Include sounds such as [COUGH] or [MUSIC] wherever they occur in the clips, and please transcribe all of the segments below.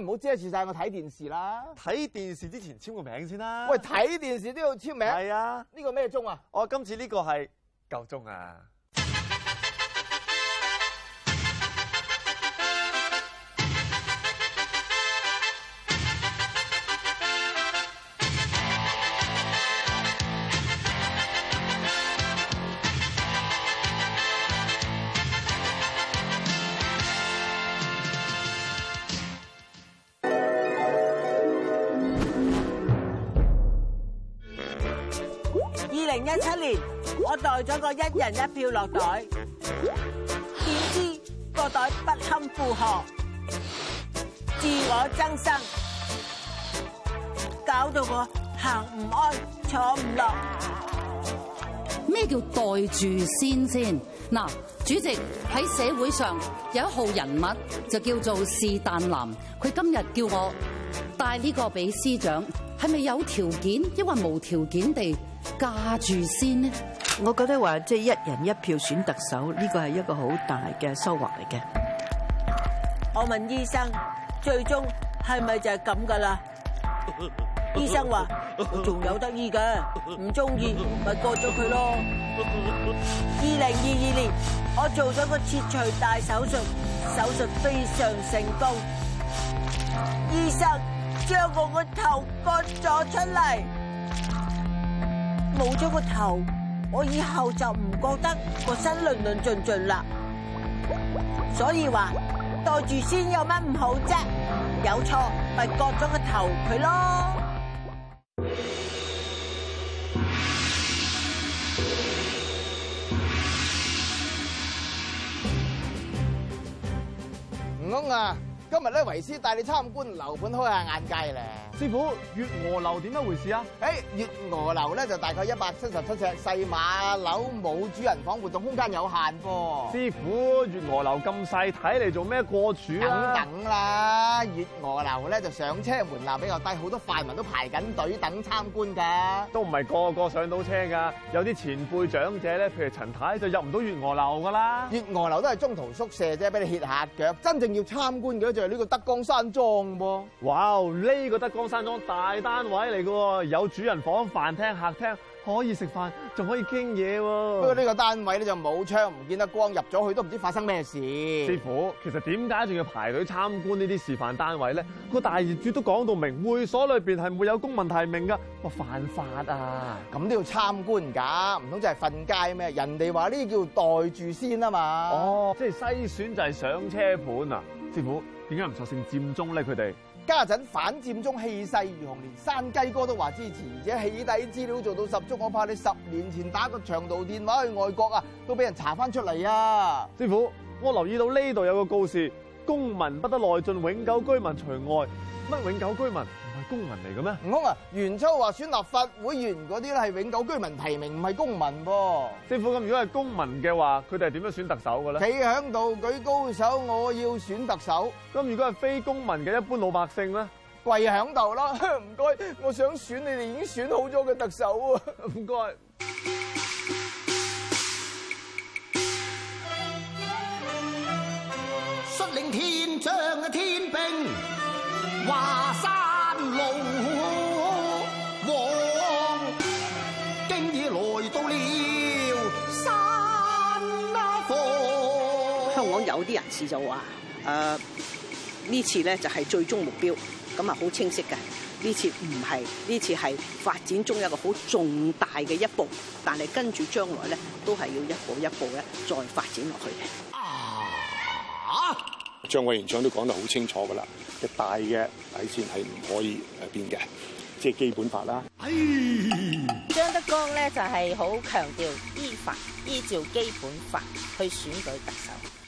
唔好遮住晒，我睇電視啦！睇電視之前簽個名先啦。喂，睇電視都要簽名？係啊。呢個咩鐘啊？我今次呢個係夠鐘啊！零一七年，我袋咗個一人一票落袋，點知個袋不堪負荷，自我增生，搞到我行唔安，坐唔落。咩叫袋住先先？嗱，主席喺社會上有一號人物就叫做是旦男，佢今日叫我帶呢個俾司長，係咪有條件抑或無條件地？袋住先咧，我覺得話即係一人一票選特首呢個係一個好大嘅收穫嚟嘅。我問醫生，最終係咪就係咁噶啦？醫生話仲有得醫嘅，唔中意咪割咗佢咯。二零二二年我做咗個切除大手術，手術非常成功。醫生將我個頭割咗出嚟。冇咗個頭，我以後就唔覺得個身論論盡盡啦。所以話袋住先有乜唔好啫？有錯咪、就是、割咗個頭佢咯。悟空啊，今日咧為師帶你參觀樓盤，開下眼界咧。師傅，月娥樓點樣回事啊？誒，月娥樓咧就大概一百七十七尺，細碼樓冇主人房，活動空間有限噃。師傅，月娥樓咁細，睇嚟做咩過住啊？梗梗啦，月娥樓咧就上車門檻比較低，好多泛民都排緊隊等參觀噶。都唔係個個上到車噶，有啲前輩長者咧，譬如陳太就入唔到月娥樓噶啦。月娥樓都係中途宿舍啫，俾你歇下腳。真正要參觀嘅就係呢個德江山莊噃。哇，呢個德江山莊大單位嚟噶，有主人房、飯廳、客廳，可以食飯，仲可以傾嘢喎。不過呢個單位咧就冇窗，唔見得光，入咗去都唔知發生咩事。師傅，其實點解仲要排隊參觀呢啲示範單位咧？個大業主都講到明，會所裏邊係沒有公民提名噶。哇，犯法啊？咁都要參觀噶？唔通真係瞓街咩？人哋話呢叫袋住先啊嘛。哦，即係篩選就係上車盤啊？師傅，點解唔索性佔中咧？佢哋？家陣反佔中氣勢如虹，連山雞哥都話支持，而且起底資料做到十足，我怕你十年前打個長途電話去外國啊，都俾人查翻出嚟啊！師傅，我留意到呢度有個告示，公民不得內進，永久居民除外，乜永久居民？公民嚟嘅咩？悟空啊，袁秋話選立法會員嗰啲咧，係永久居民提名，唔係公民喎。政府咁，如果係公民嘅話，佢哋係點樣選特首嘅咧？企喺度舉高手，我要選特首。咁如果係非公民嘅一般老百姓咧？跪喺度啦，唔該，我想選你哋已經選好咗嘅特首啊，唔該。我有啲人士就話：誒、呃、呢次咧就係最終目標，咁啊好清晰嘅。呢次唔係，呢次係發展中有個好重大嘅一步，但係跟住將來咧都係要一步一步咧再發展落去。啊啊，張委員長都講得好清楚㗎啦，嘅大嘅底線係唔可以誒變嘅，即係基本法啦。張、哎、德江咧就係好強調依法依照基本法去選舉特首。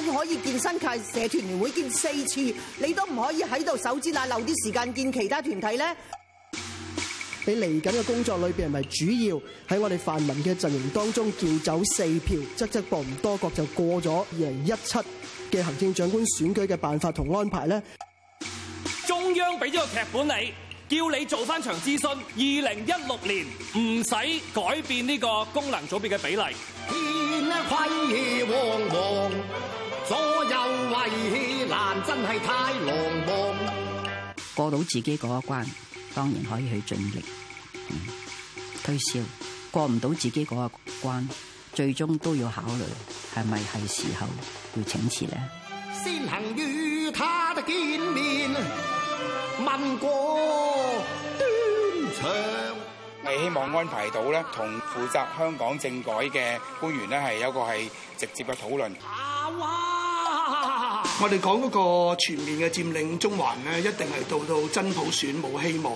你可以健身，界社團聯會見四次，你都唔可以喺度手之啦，留啲時間見其他團體呢。你嚟緊嘅工作裏邊，咪主要喺我哋泛民嘅陣營當中叫走四票，側側膊唔多覺就過咗二零一七嘅行政長官選舉嘅辦法同安排呢。中央俾咗個劇本你，叫你做翻場諮詢，二零一六年唔使改變呢個功能組別嘅比例。真係太浪漫喇。過到自己嗰一關，當然可以去盡力推銷；過唔到自己嗰一關，最終都要考慮係咪係時候要請辭咧。先行與他的見面，問過端詳。我希望安排到咧，同負責香港政改嘅官員咧，係有一個係直接嘅討論。我哋講嗰個全面嘅佔領中環咧，一定係到到真普選冇希望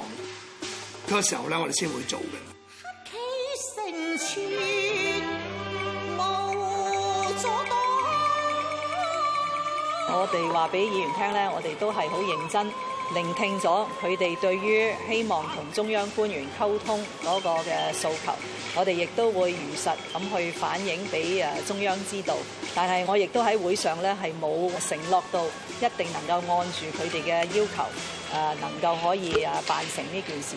嗰個時候咧， [NOISE] 我哋先會做嘅。我哋話俾議員聽呢，我哋都係好認真。聆聽咗佢哋對於希望同中央官員溝通嗰個嘅訴求，我哋亦都會如實咁去反映俾誒中央知道。但係我亦都喺會上咧係冇承諾到一定能夠按住佢哋嘅要求誒，能夠可以誒辦成呢件事。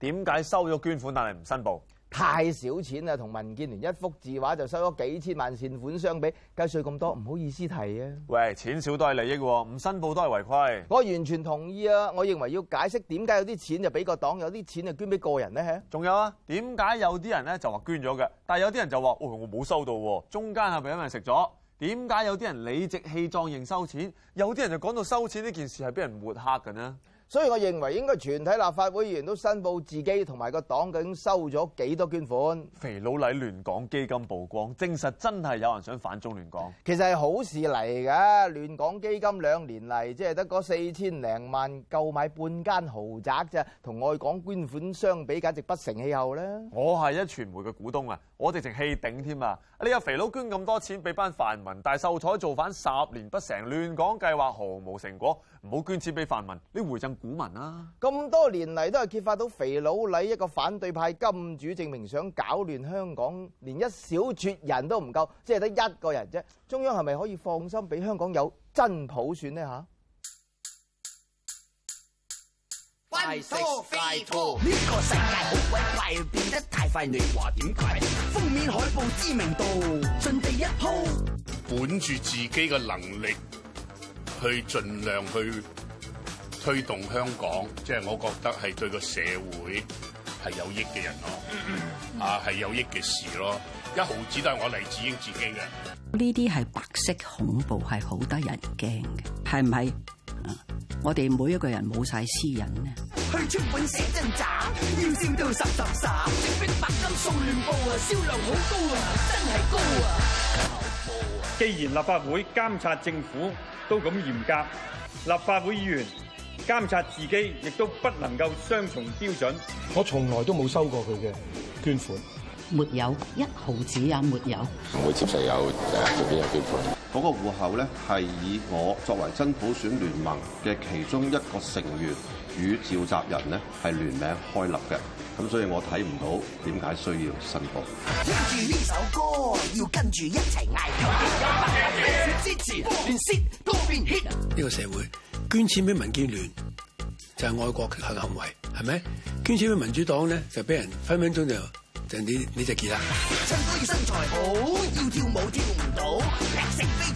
點解收咗捐款但係唔申報？太少錢啦，同民建聯一幅字畫就收咗幾千萬善款相比，計稅咁多唔好意思提啊！喂，錢少都係利益，唔申報都係違規。我完全同意啊！我認為要解釋點解有啲錢就俾個黨，有啲錢就捐俾個人咧？仲有啊？點解有啲人咧就話捐咗嘅，但係有啲人就話、哦，我冇收到喎，中間係咪有人食咗？點解有啲人理直氣壯認收錢，有啲人就講到收錢呢件事係俾人抹黑嘅呢。」所以我認為應該全體立法會議員都申報自己同埋個黨究竟收咗幾多捐款。肥佬黎亂港基金曝光，證實真係有人想反中亂港。其實係好事嚟㗎，亂港基金兩年嚟即係得嗰四千零萬購買半間豪宅啫，同外港捐款相比簡直不成氣候啦。我係一傳媒嘅股東啊，我直情氣頂添啊！呢個肥佬捐咁多錢俾班泛民大秀才造反十年不成，亂港計劃毫無成果。唔好捐錢俾泛民，你回贈股民啦！咁多年嚟都係揭發到肥佬黎一個反對派金主，證明想搞亂香港，連一小撮人都唔夠，即係得一個人啫。中央係咪可以放心俾香港有真普選呢？嚇！快食雞兔，呢個世界好鬼怪，變得太快，你話點解？封面海報知名度，盡地一鋪，本住自己嘅能力。去盡量去推動香港，即、就、係、是、我覺得係對個社會係有益嘅人咯，啊係 [LAUGHS] 有益嘅事咯。一毫子都係我黎智英自己嘅。呢啲係白色恐怖係好得人驚嘅，係唔係？我哋每一個人冇晒私隱咧。去出本 [LAUGHS] 既然立法會監察政府都咁嚴格，立法會議員監察自己亦都不能夠雙重標準。我從來都冇收過佢嘅捐款，沒有一毫子也沒有，唔會，會，會接受有誒嗰邊有捐款。嗰個戶口咧，係以我作為真普選聯盟嘅其中一個成員與召集人呢，係聯名開立嘅，咁所以我睇唔到點解需要申報。聽住呢首歌，要跟住一齊嗌。多呢個社會捐錢俾民建聯就係、是、愛國嘅行為，係咪？捐錢俾民主黨咧就俾人分分鐘就就你你隻腳啦。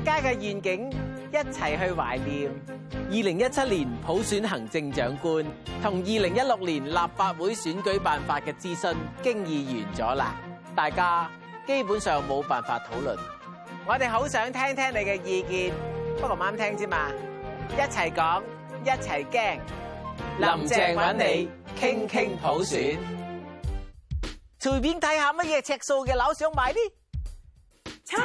大家嘅願景一齊去懷念。二零一七年普選行政長官同二零一六年立法會選舉辦法嘅諮詢經已完咗啦，大家基本上冇辦法討論。我哋好想聽聽你嘅意見，不過唔啱聽之嘛。一齊講，一齊驚。林鄭揾你傾傾普選，隨便睇下乜嘢尺數嘅樓想買啲。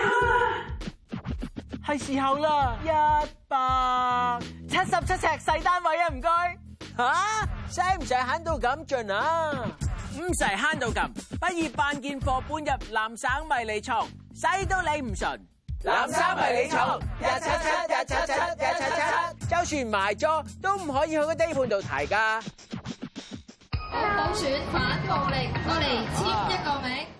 係時候啦！一百七十七尺細單位啊，唔該。吓，使唔使慳到咁盡啊？唔使慳到咁，不如辦件貨搬入南省迷你倉，使都理唔順。南省迷你倉，一七七一七七一七七，就算賣咗都唔可以去個地盤度睇㗎。普選反暴力，我嚟簽一個名。啊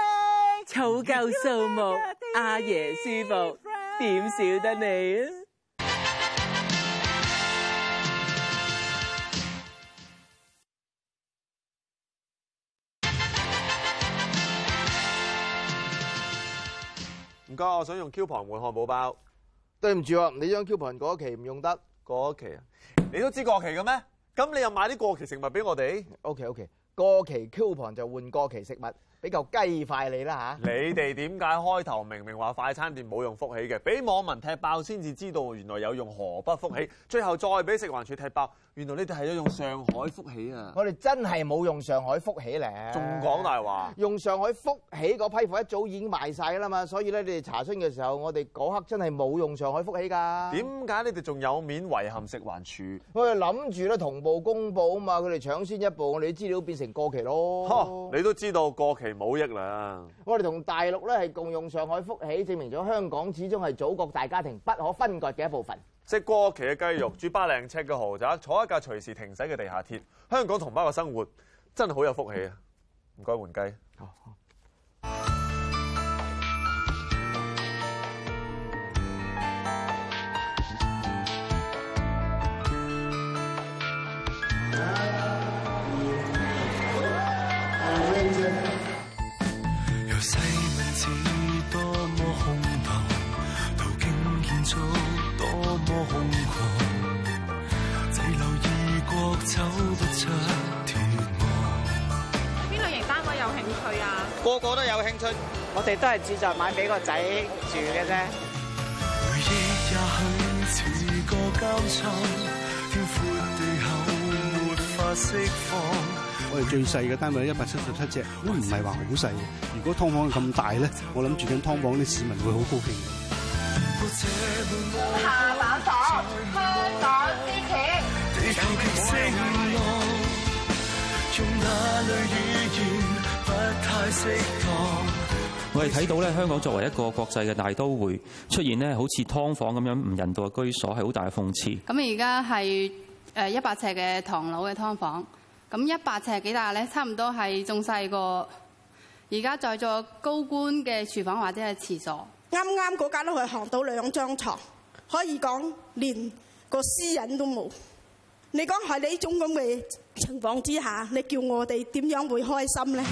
湊夠數目，阿爺舒服，點少得你啊？唔該，我想用 Q 盤換漢堡包。對唔住啊，你張 Q 盤嗰期唔用得，嗰期啊，你都知過期嘅咩？咁你又買啲過期食物俾我哋？OK OK。過期 coupon 就換過期食物，俾嚿雞塊。啊、你啦嚇！你哋點解開頭明明話快餐店冇用福喜嘅，畀網民踢爆先至知道原來有用河北福喜，最後再畀食環署踢爆。原來呢啲係用上海福喜啊！我哋真係冇用上海福喜咧，仲講大話？用上海福喜嗰批貨一早已經賣曬啦嘛，所以咧你哋查詢嘅時候，我哋嗰刻真係冇用上海福喜噶。點解你哋仲有面遺憾食環署？我哋諗住咧同步公佈啊嘛，佢哋搶先一步，我哋啲資料變成過期咯。你都知道過期冇益啦。我哋同大陸咧係共用上海福喜，證明咗香港始終係祖國大家庭不可分割嘅一部分。食過期嘅雞肉，住八十尺嘅豪宅，坐一架隨時停駛嘅地下鐵，香港同胞嘅生活真係好有福氣啊！唔該換雞，好好。多麼留走不出邊類型單位有興趣啊？個個都有興趣，我哋都係志在買俾個仔住嘅啫。回憶也許似地沒法釋放。 [MUSIC] 我哋最細嘅單位一百七十七呎，都唔係話好細。如果劏房咁大咧，我諗住緊劏房啲市民會好高興。下板房香港之情。嗯嗯嗯嗯、我哋睇到咧，香港作為一個國際嘅大都會出現咧，好似劏房咁樣唔人道嘅居所，係好大嘅諷刺。咁而家係誒一百尺嘅唐樓嘅劏房，咁一百尺幾大咧？差唔多係仲細過而家在座高官嘅廚房或者係廁所。啱啱嗰間都係行到兩張牀，可以講連個私隱都冇。你講喺你呢種咁嘅情況之下，你叫我哋點樣會開心呢？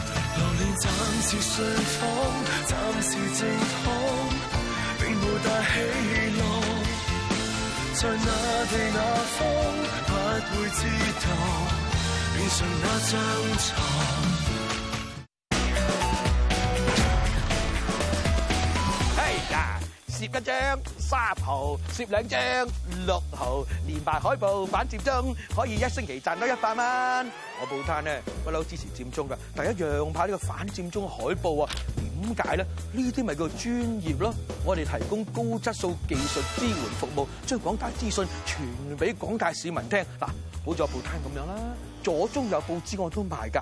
攝一張三毫，攝兩張六毫，連排海報反佔中可以一星期賺多一百蚊。我報攤咧不嬲支持佔中噶，第一樣派呢個反佔中海報啊？點解咧？呢啲咪叫專業咯？我哋提供高質素技術支援服務，將廣大資訊傳俾廣大市民聽。嗱，好似我報攤咁樣啦，左中右報紙我都賣㗎。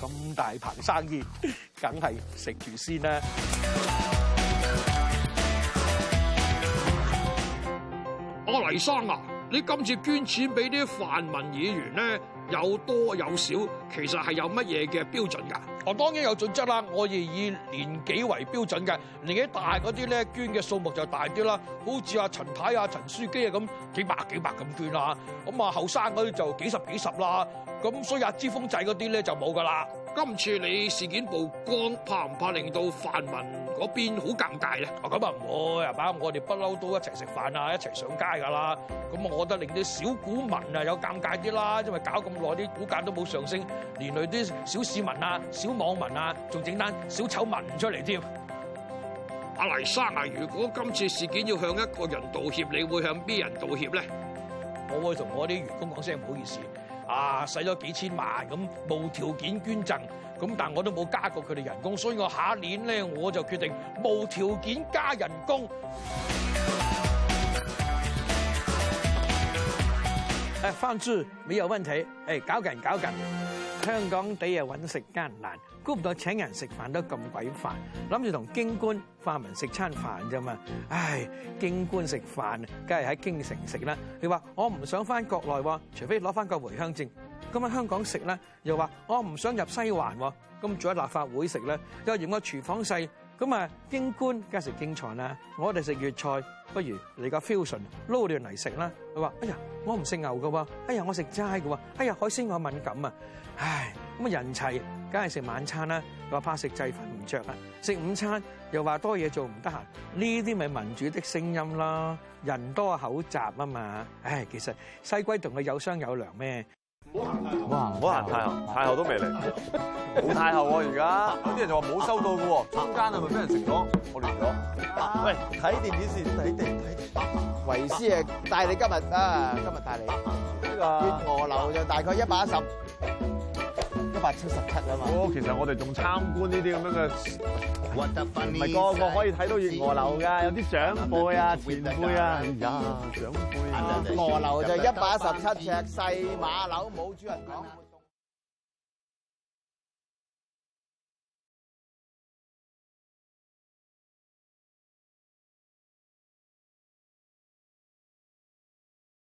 咁大盤生意，梗係食住先啦！我黎生啊！你今次捐錢俾啲泛民議員咧，有多有少，其實係有乜嘢嘅標準㗎？我、哦、當然有準則啦，我係以年紀為標準嘅，年紀大嗰啲咧捐嘅數目就大啲啦。好似阿陳太陳啊、陳書記啊咁幾百幾百咁捐啦，咁啊後生嗰啲就幾十幾十啦。咁、啊、所以阿之鋒仔嗰啲咧就冇㗎啦。今次你事件曝光，怕唔怕令到泛民嗰邊好尷尬咧？哦，咁啊唔會，阿爸，我哋不嬲都一齊食飯啊，一齊上街噶啦。咁我覺得令啲小股民啊有尷尬啲啦，因為搞咁耐啲股價都冇上升，連累啲小市民啊、小網民啊，仲整單小醜聞出嚟添。阿黎生啊，如果今次事件要向一個人道歉，你會向邊人道歉咧？我會同我啲員工講聲唔好意思。啊！使咗幾千萬咁無條件捐贈，咁但係我都冇加過佢哋人工。所以我下一年咧我就決定無條件加人工。誒，番薯沒有問題誒、哎、搞緊搞緊，香港地又揾食艱難。估唔到請人食飯都咁鬼煩，諗住同京官泛民食餐飯咋嘛？唉，京官食飯梗係喺京城食啦。佢話：我唔想返國內喎，除非攞返個回鄉證。咁喺香港食啦，又話我唔想入西環。咁做喺立法會食啦，又嫌個廚房細。咁、嗯、啊，京官梗係食京菜啦，我哋食粵菜，不如嚟個 fusion 撈亂嚟食啦。佢話：哎呀，我唔食牛嘅喎，哎呀，我食齋嘅喎，哎呀，海鮮我敏感啊。唉，咁啊人齊。梗係食晚餐啦，又話怕食滯瞓唔着。啊！食午餐又話多嘢做唔得閒，呢啲咪民主的聲音啦！人多口雜啊嘛，唉，其實西歸同佢有商有量咩？好唔好行太后，太后都未嚟，冇太后喎而家。有啲、啊、人就話冇收到嘅喎，中間係咪俾人食咗？我亂咗。喂，睇電子線，睇睇，維斯，啊，帶你今日啊，今日帶你。月娥樓就大概一百一十。一百七十七啊嘛！我其實我哋仲參觀呢啲咁樣嘅，唔係個個可以睇到月娥樓㗎，有啲長輩啊、前輩、前輩、前輩啊，長輩。月娥樓就一百一十七呎細馬樓，冇主人房。